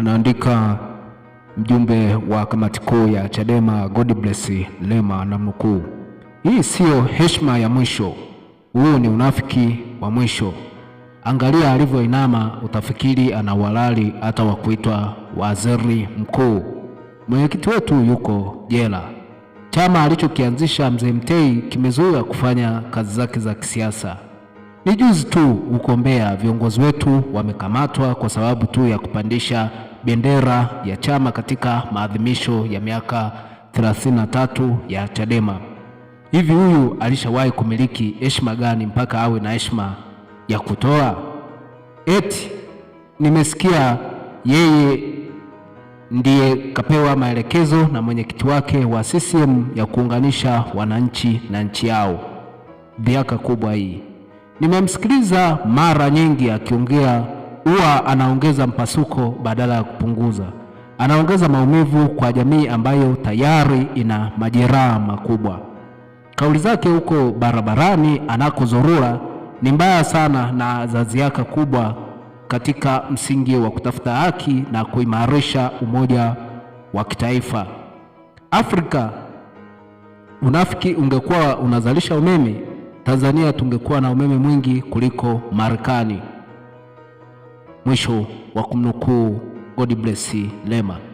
anaandika mjumbe wa kamati kuu ya Chadema bless Lema, namnukuu: hii siyo heshima ya mwisho, huu ni unafiki wa mwisho. Angalia alivyoinama, utafikiri ana uhalali hata wa kuitwa waziri mkuu. Mwenyekiti wetu yuko jela. Chama alichokianzisha mzee Mtei kimezuia kufanya kazi zake za kisiasa. Ni juzi tu ukombea viongozi wetu wamekamatwa kwa sababu tu ya kupandisha bendera ya chama katika maadhimisho ya miaka 33 ya Chadema. Hivi huyu alishawahi kumiliki heshima gani mpaka awe na heshima ya kutoa? Eti nimesikia yeye ndiye kapewa maelekezo na mwenyekiti wake wa CCM ya kuunganisha wananchi na nchi yao. dhiaka kubwa hii. Nimemsikiliza mara nyingi akiongea huwa anaongeza mpasuko badala ya kupunguza. Anaongeza maumivu kwa jamii ambayo tayari ina majeraha makubwa. Kauli zake huko barabarani anakozurura ni mbaya sana na zaziaka kubwa katika msingi wa kutafuta haki na kuimarisha umoja wa kitaifa. Afrika, unafiki ungekuwa unazalisha umeme, Tanzania tungekuwa na umeme mwingi kuliko Marekani. Mwisho wa kumnukuu bless Lema.